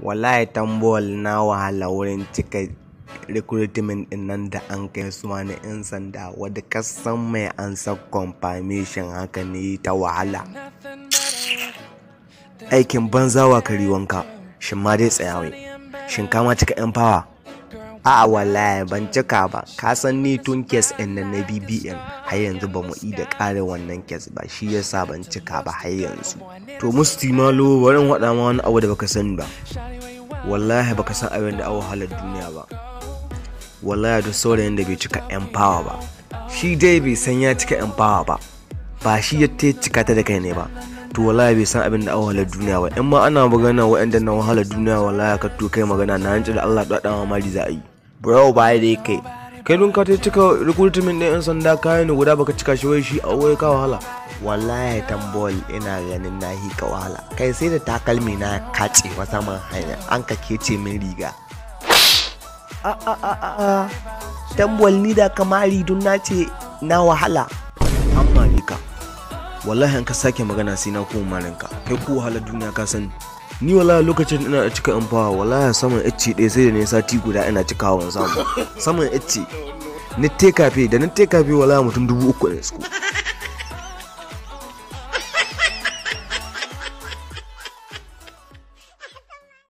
Wallahi tambol na wahala wurin cika recruitment din nan da an kai su wani 'yan sanda wadda kasan mai an sa confirmation haka ne ta wahala. Aikin banzawa kari wanka, shin ma dai tsayawai, shin kama cika empower fawa. a wallahi ban cika ba ka san ni tun kes din nan na bbn har yanzu ba mu da kare wannan kes ba shi yasa ban cika ba har yanzu to musti malo bari waɗa ma wani abu da baka sani ba wallahi baka san abin da awo halar duniya ba wallahi da saurayin da bai cika empower ba shi dai bai san ya cika empower ba ba shi ya cika ta da kai ne ba to wallahi bai san abin da an wahalar duniya ba in ma ana magana wa'anda na wahalar duniya wallahi ka to kai magana na hanci da Allah dadan ma za a yi bro baya da kai kai dun ka cika recruitment din yan sanda kayan ne guda baka cika shi wai shi a wai ka wahala wallahi tambol ina ganin hi ka wahala kai sai da takalmi na kace wata man hanya an ka kece min riga a a a a tambol ni da kamari dun na ce na wahala amma ni ka wallahi an ka sake magana sai na kuma marinka kai ko wahalar duniya ka sani ni wallahi lokacin ina da cika amfawa wallahi saman ecce ɗaya sai da ne sati guda ina cikawa ban samu saman ecce ni tekafe da ni tekafe wallahi mutum dubu uku ne su